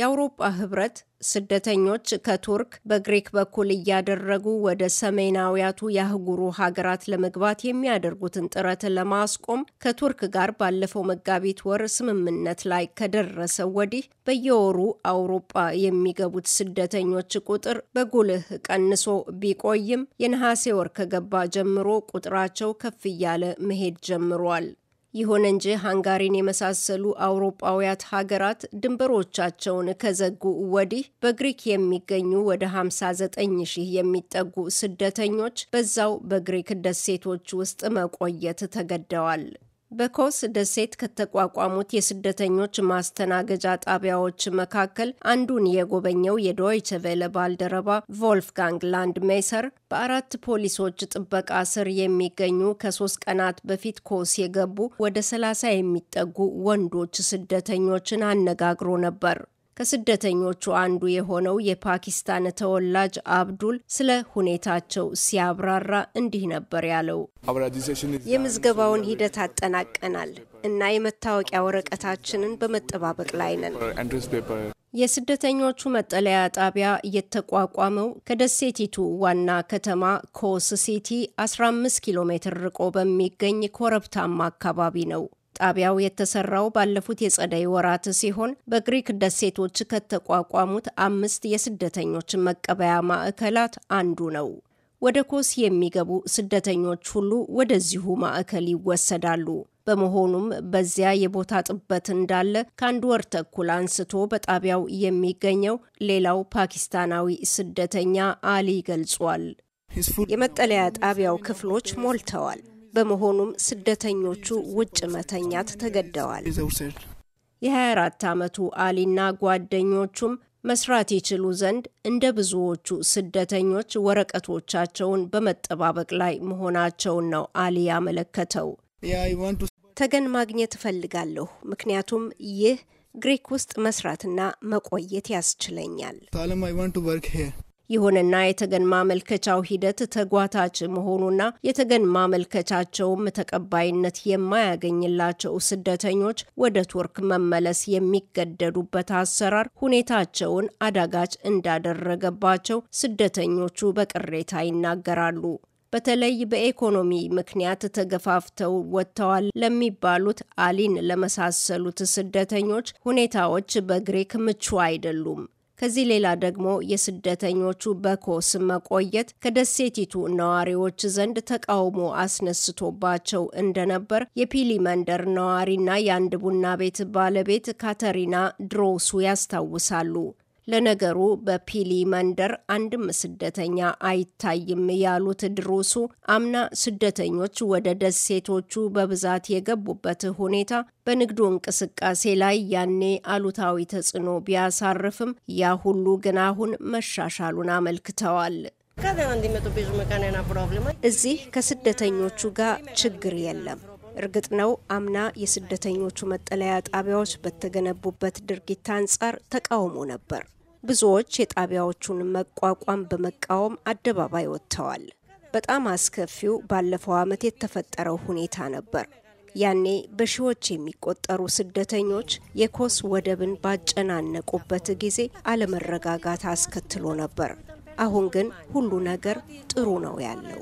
የአውሮፓ ህብረት ስደተኞች ከቱርክ በግሪክ በኩል እያደረጉ ወደ ሰሜናዊያቱ የአህጉሩ ሀገራት ለመግባት የሚያደርጉትን ጥረት ለማስቆም ከቱርክ ጋር ባለፈው መጋቢት ወር ስምምነት ላይ ከደረሰ ወዲህ በየወሩ አውሮፓ የሚገቡት ስደተኞች ቁጥር በጉልህ ቀንሶ ቢቆይም የነሐሴ ወር ከገባ ጀምሮ ቁጥራቸው ከፍ እያለ መሄድ ጀምሯል። ይሁን እንጂ ሃንጋሪን የመሳሰሉ አውሮጳውያት ሀገራት ድንበሮቻቸውን ከዘጉ ወዲህ በግሪክ የሚገኙ ወደ 59 ሺህ የሚጠጉ ስደተኞች በዛው በግሪክ ደሴቶች ውስጥ መቆየት ተገደዋል። በኮስ ደሴት ከተቋቋሙት የስደተኞች ማስተናገጃ ጣቢያዎች መካከል አንዱን የጎበኘው የዶይቸ ቬለ ባልደረባ ቮልፍጋንግ ላንድ ሜሰር በአራት ፖሊሶች ጥበቃ ስር የሚገኙ ከሶስት ቀናት በፊት ኮስ የገቡ ወደ ሰላሳ የሚጠጉ ወንዶች ስደተኞችን አነጋግሮ ነበር። ከስደተኞቹ አንዱ የሆነው የፓኪስታን ተወላጅ አብዱል ስለ ሁኔታቸው ሲያብራራ እንዲህ ነበር ያለው። የምዝገባውን ሂደት አጠናቀናል እና የመታወቂያ ወረቀታችንን በመጠባበቅ ላይ ነን። የስደተኞቹ መጠለያ ጣቢያ የተቋቋመው ከደሴቲቱ ዋና ከተማ ኮስ ሲቲ 15 ኪሎ ሜትር ርቆ በሚገኝ ኮረብታማ አካባቢ ነው። ጣቢያው የተሰራው ባለፉት የጸደይ ወራት ሲሆን በግሪክ ደሴቶች ከተቋቋሙት አምስት የስደተኞች መቀበያ ማዕከላት አንዱ ነው። ወደ ኮስ የሚገቡ ስደተኞች ሁሉ ወደዚሁ ማዕከል ይወሰዳሉ። በመሆኑም በዚያ የቦታ ጥበት እንዳለ ከአንድ ወር ተኩል አንስቶ በጣቢያው የሚገኘው ሌላው ፓኪስታናዊ ስደተኛ አሊ ገልጿል። የመጠለያ ጣቢያው ክፍሎች ሞልተዋል። በመሆኑም ስደተኞቹ ውጭ መተኛት ተገደዋል። የ24 ዓመቱ አሊና ጓደኞቹም መስራት ይችሉ ዘንድ እንደ ብዙዎቹ ስደተኞች ወረቀቶቻቸውን በመጠባበቅ ላይ መሆናቸውን ነው አሊ ያመለከተው። ተገን ማግኘት እፈልጋለሁ፣ ምክንያቱም ይህ ግሪክ ውስጥ መስራትና መቆየት ያስችለኛል። ይሁንና የተገን ማመልከቻው ሂደት ተጓታች መሆኑና የተገን ማመልከቻቸውም ተቀባይነት የማያገኝላቸው ስደተኞች ወደ ቱርክ መመለስ የሚገደዱበት አሰራር ሁኔታቸውን አዳጋች እንዳደረገባቸው ስደተኞቹ በቅሬታ ይናገራሉ። በተለይ በኢኮኖሚ ምክንያት ተገፋፍተው ወጥተዋል ለሚባሉት አሊን ለመሳሰሉት ስደተኞች ሁኔታዎች በግሪክ ምቹ አይደሉም። ከዚህ ሌላ ደግሞ የስደተኞቹ በኮስ መቆየት ከደሴቲቱ ነዋሪዎች ዘንድ ተቃውሞ አስነስቶባቸው እንደነበር የፒሊ መንደር ነዋሪና የአንድ ቡና ቤት ባለቤት ካተሪና ድሮሱ ያስታውሳሉ። ለነገሩ በፒሊ መንደር አንድም ስደተኛ አይታይም ያሉት ድሩሱ አምና ስደተኞች ወደ ደሴቶቹ በብዛት የገቡበት ሁኔታ በንግዱ እንቅስቃሴ ላይ ያኔ አሉታዊ ተጽዕኖ ቢያሳርፍም ያ ሁሉ ግን አሁን መሻሻሉን አመልክተዋል። እዚህ ከስደተኞቹ ጋር ችግር የለም። እርግጥ ነው አምና የስደተኞቹ መጠለያ ጣቢያዎች በተገነቡበት ድርጊት አንጻር ተቃውሞ ነበር። ብዙዎች የጣቢያዎቹን መቋቋም በመቃወም አደባባይ ወጥተዋል። በጣም አስከፊው ባለፈው ዓመት የተፈጠረው ሁኔታ ነበር። ያኔ በሺዎች የሚቆጠሩ ስደተኞች የኮስ ወደብን ባጨናነቁበት ጊዜ አለመረጋጋት አስከትሎ ነበር። አሁን ግን ሁሉ ነገር ጥሩ ነው ያለው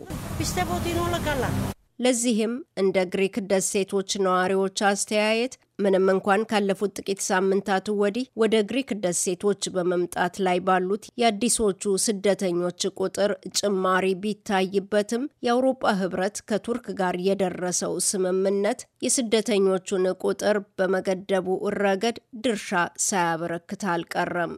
ለዚህም እንደ ግሪክ ደሴቶች ነዋሪዎች አስተያየት ምንም እንኳን ካለፉት ጥቂት ሳምንታት ወዲህ ወደ ግሪክ ደሴቶች በመምጣት ላይ ባሉት የአዲሶቹ ስደተኞች ቁጥር ጭማሪ ቢታይበትም የአውሮፓ ሕብረት ከቱርክ ጋር የደረሰው ስምምነት የስደተኞቹን ቁጥር በመገደቡ ረገድ ድርሻ ሳያበረክት አልቀረም።